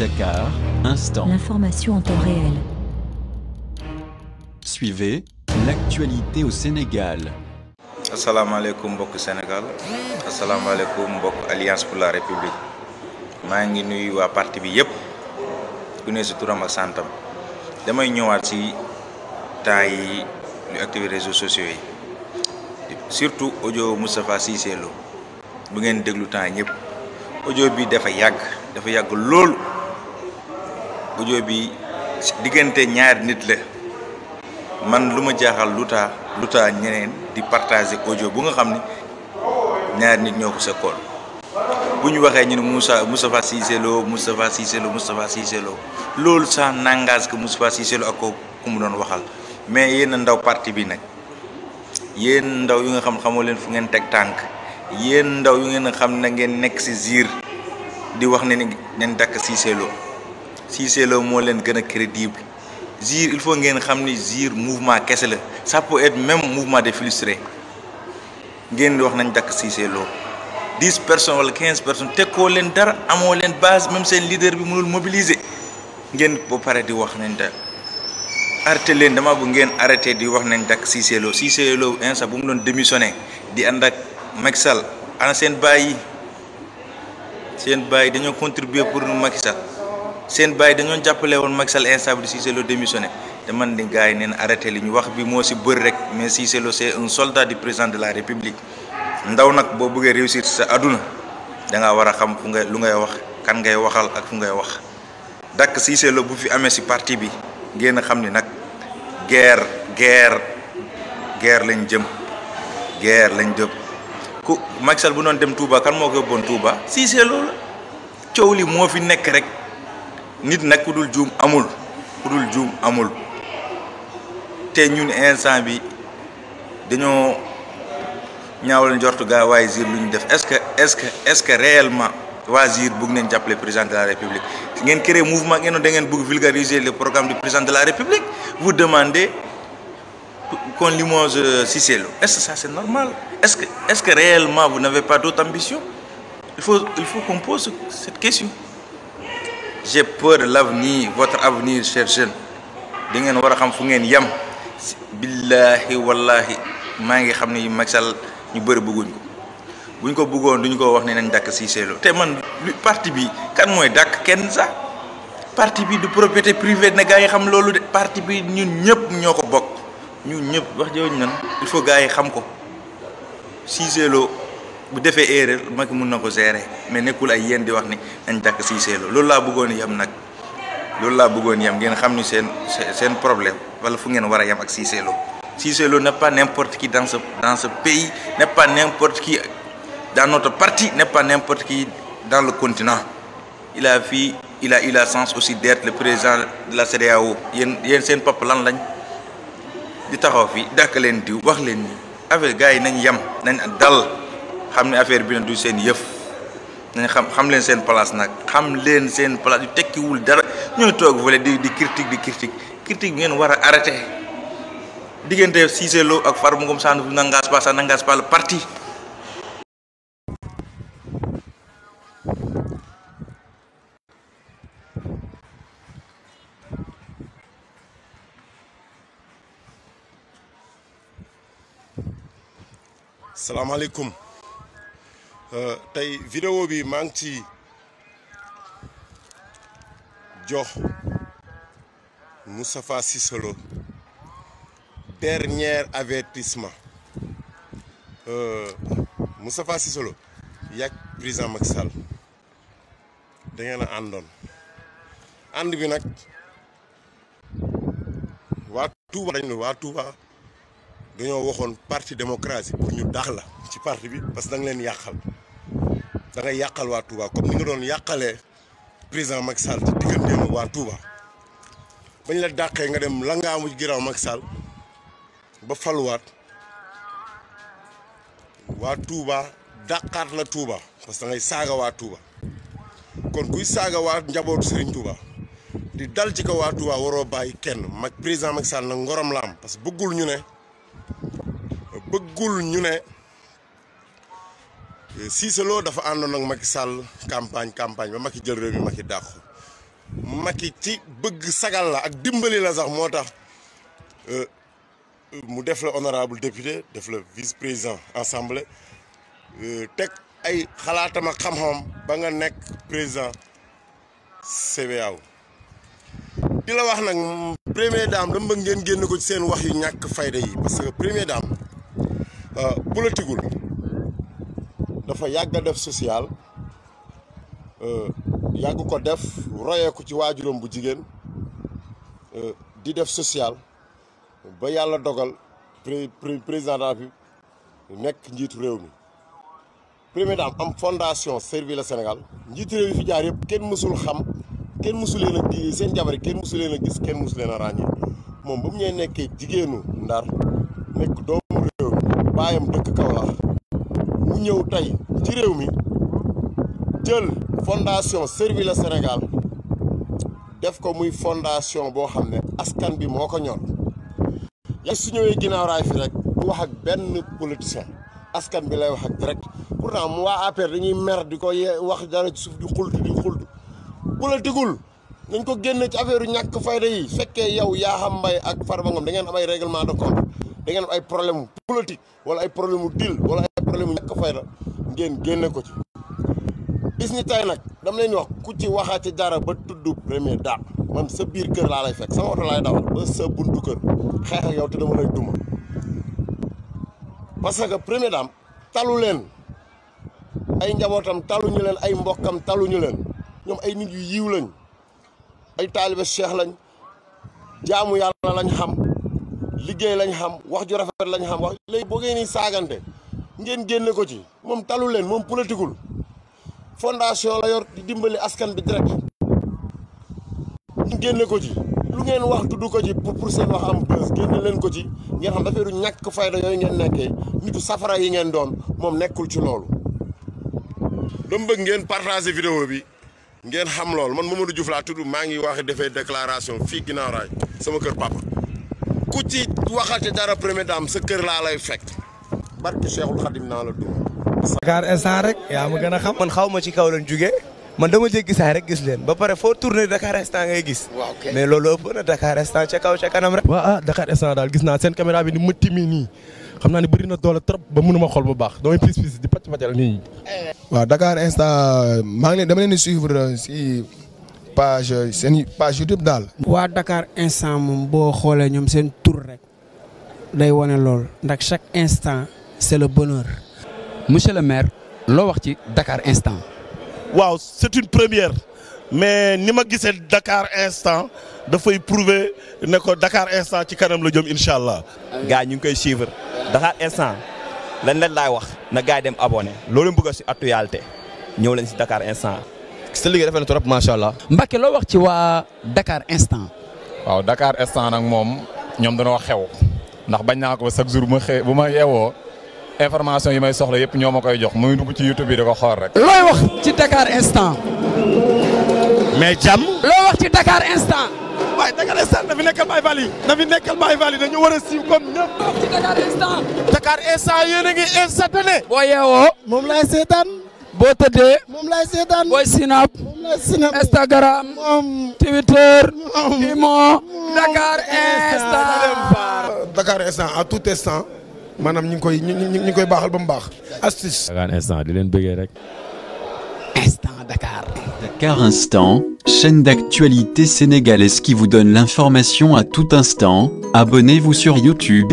Dakar, instant. L'information en temps réel. Suivez l'actualité au Sénégal. Assalamu alaikum Bok Sénégal Assalamu alaikum Bok Alliance pour la République maa ngi nuyu parti bi yëpp ku ne si turam ak santam damay ñëwaat si yi réseaux sociaux yi surtout audio Moustapha Cissé Lo bu ngeen déglu temps ñëpp audio bi dafa yàgg dafa audio bi diggante ñaari nit la man lu ma jaaxal lu taa lu ñeneen di partager audio bu nga xam ne ñaari nit ñoo ko sekkoon bu ñu waxee ñu ne Moussa Moustapha Cissé Lo Moustapha Cissé Lo Moustapha Cissé Lo loolu ça n'engage que Moustapha Cissé Lo ak ko ku mu doon waxal mais yéen ndaw parti bi nag yéen ndaw yu nga xam xamoo leen fu ngeen teg tànk yéen ndaw yu ngeen xam na ngeen nekk ci ziir di wax ne ni ngeen dakk Cissé Cissé Lo moo leen gën crédible Zir, il faut ngeen xam ni Jir mouvement kese la ça peut être même mouvement des frustrés ngeen wax nañ dakk Cissé Lo dix personnes wala 15 personnes tekkoo leen dara amoo leen base même seen leader bi mënul mobiliser ngeen ba pare di wax nañ da arrêté leen dama bu ngeen arrêté di wax nañ dakk Cissé Lo Cissé Lo insa bu mu doon démissionné di andak Maxal, Macky Sall ana seen baay yi seen baay contribuer pour Macky Sall seen bàyyi dañu jappalé won Macky Sall instable Cissé Lo démissioné deman di gars yi neen arrêté li ñu wax bi mo si bëri rek mais Cissé Lo c'est un soldat du président de la république ndaw nak bo bëggé réussir sa aduna da nga wara xam fu nga lu ngay wax kan ngay waxal ak fu ngay wax dakk Cissé Lo bu fi amé ci parti bi ngeen xam ni nak guerre guerre guerre lañ jëm guerre lañ jëm ku Macky Sall bu non dem Touba kan mo ko bon Touba Cissé Lo la coow li fi nek rek nit nak kudul dul amul instant est-ce que est-ce que est-ce que réellement Wazir bëgg président de la république mouvement da vulgariser le programme du président de la république vous demandez qu'on limoge que est-ce que ça c'est normal est-ce que est-ce que réellement vous n'avez pas d'autres ambitions il faut il faut qu'on pose cette question j'ai peur de l'avenir votre avenir chers jeunes di ngeen war a xam fu ngeen yem billaahi wallaahi maa ngi xam ni Macky Sall ñu bëri bëgguñ ko buñ ko bëggoon duñ ko wax ne nañ dàkk Cissé Lo te man parti bi kan mooy dàkk kenn sax parti bi du propriété privée na gaa yi xam loolu de parti bi ñun ñëpp ñoo ko bokk ñun ñëpp wax jooju nan il faut gaa yi xam ko Cissé Lo bu defee erreur Macky mun gérer mais nekkul ay yéen di wax ni nañ tàkk Cissé Lo loolu laa bëggoon yem nag loolu laa bëggoon yem ngeen xam ni seen seen problème wala fu ngeen war a yem ak Cissé Lo n'est pas n'importe qui dans ce dans ce pays n'est pas n'importe qui dans notre parti n'est pas n'importe qui dans le continent il a fii il a eu la chance aussi d'être le président de la CEDEAO yéen yéen seen papa lan lañ di taxaw fi dàkk leen diw wax leen ni avec gars yi nañ yem nañ dal xam ne affaire bi na du seen yëf nañ xam xam leen seen place nag xam leen seen place yu tekkiwul dara ñooy toog fële di di critique di critique critique ngeen war a arrêté diggante Cissé Lo ak Farba ngum Sandu n'engage pas ça n'engage pas le parti salaamaaleykum Euh, tey vidéo bi maa ngi ci jox Moustapha Cissé Lo dernier avertissement euh, Moustapha Cissé Lo yàgg président Macky Sall a àndoon ànd bi nag waa Touba dañ ne waa Touba dañoo waxoon parti démocratie pour ñu daax la ci parti bi parce que da nga leen yàqal da ngay yàqal waa Touba comme ni nga doon yàqalee président Macky Sall ci digganteem waa Touba bañ la dàqee nga dem langaamu ginnaaw Macky Sall ba faluwaat waa Touba dàqaat la Touba parce que da saaga waa Touba kon kuy saaga waa njabootu Serigne Touba di dal ci ko waa Touba waroo bàyyi kenn mag président Macky Sall na ngorom laam am parce que bëggul ñu ne. bëggul ñu ne euh, Cissé Lo dafa àndoon ak Macky Sall campagne campagne ba Macky jël réew mi mu mag Macky ci bëgg sagal la ak dimbali la sax moo tax euh, euh, mu def la honorable député def la vice président assemblée teg ay xalaatam ak xam-xamam ba nga nekk président CBAO di la wax nag première dame dama bëgg ngeen génn ko ci seen wax yu ñàkk fayda yi parce que première dame Euh, politigul dafa yàgg def social euh, yàgg ko def royeeku ci waajuram bu jigéen euh, di def social ba yàlla dogal président de la nekk njiitu réew mi première dame am fondation Servir le Sénégal njiitu réew yi fi jaar yëpp kenn mësul xam kenn mësul leen a di seen jabar yi kenn mësul leen a gis kenn mësul leen a ràññee moom ba mu ñee nekkee jigéenu ndar nekk doom dekk kaw la mu ñew tay ci réew mi jël fondation Servir le Sénégal def ko muy fondation bo xamné askan bi moko ñor ya su ñewé ginaaw raay fi rek mu wax ak benn politicien askan bi lay wax ak direct pourtant mu wa APR dañuy mer di ko wax dara ci suuf di xult di xult politigul dañ ko genn ci affaireu ñak fayda yi fekke yow xam bay ak Farba da ngeen am ay règlement de compte da ngeen ay problème mu politique ay problème mu dil wala ay problème mu ñàkk fayda ngeen génne ko ci bis ni tey nag dama leen wax ku ci waxaati dara ba tudd premier daan man sa biir kër laa lay fekk sama oto laay dawal ba sa buntu kër xeex ak yow te dama lay duma parce que premier daan talu leen ay njabootam taluñu leen ay mbokkam ñu leen ñoom ay nit yu yiw lañ ay taalibe cheikh lañ jaamu yàlla lañu xam liggéey lañ xam wax ju rafet lañ xam wax léegi boo ngeen saagante ngeen génne ko ci moom talu leen moom politikul fondation la yor di dimbali askan bi direct ngeen génne ko ci lu ngeen wax tudd ko ci pour seen wax am génne leen ko ci ngeen xam dafay du ñàkk fayda yooyu ngeen nekkee nitu safara yi ngeen doon moom nekkul ci loolu dama bëgg ngeen partager vidéo bi ngeen xam loolu man Mamadou Diouf laa tudd maa ngi wax defee déclaration fii ginnaaw raay sama kër papa ku ci waxati dara première dame sa kër laa lay fekk barke Cheikhul Khadim naa la dugg. Dakar instant rek yaa ma gën a xam. man xaw ma ci kaw lañ jugee man dama jéggi saa rek gis leen ba pare foo tourné Dakar instant nga gis. waaw kay mais loolu ëpp na Dakar instant ca kaw ca rek. waaw ah instant daal gis naa seen caméra bi ni mu timi nii xam naa ne na doole trop ba mënuma xool ma baax damay pis pis di pàcc pàccal nii. waaw Dakar instant maa ngi leen dama si. page seen page YouTube dal wa Dakar instant moom bo xolé ñoom sen tour rek day woné lool ndax chaque instant c'est le bonheur. monsieur le maire lo wax ci Dakar instant. Wow, c'est une première mais ni gissé Dakar instant fay prouver ne ko Dakar instant ci kanam la jëm inshallah. allah. ñu ngi koy suivre Dakar instant lan leen lay wax na gaay yi dem abonné loolu bëgg ci actualité ñew leen ci Dakar instant. sa liggéey rafet na trop macha allah. Mbacke loo wax ci waa Dakar instant. waaw Dakar instant nag moom ñoom dañoo xew ndax bañ naa ko chaque jour bu ma xee bu ma yeewoo information yi may soxla yëpp ñoo ma koy jox muy dugg ci YouTube bi da ko xool rek. looy wax ci Dakar instant. mais jàmm. loo wax ci Dakar instant. waaye Dakar instant dafi nekkal Baye Fall yi. dafi nekkal war a siiw comme ñëpp. wax ci Dakar instant. Dakar instant yéen a ngi moom laay seetaan. boo tëddee. lay Instagram. Twitter. Imo. Dakar instant. Dakar instant à tout instant. Madame ñu ngi koy ñu koy astuce. Dakar instant Instant Dakar. Dakar Instant, chaîne d'actualité sénégalaise qui vous donne l'information à tout instant. Abonnez-vous sur YouTube.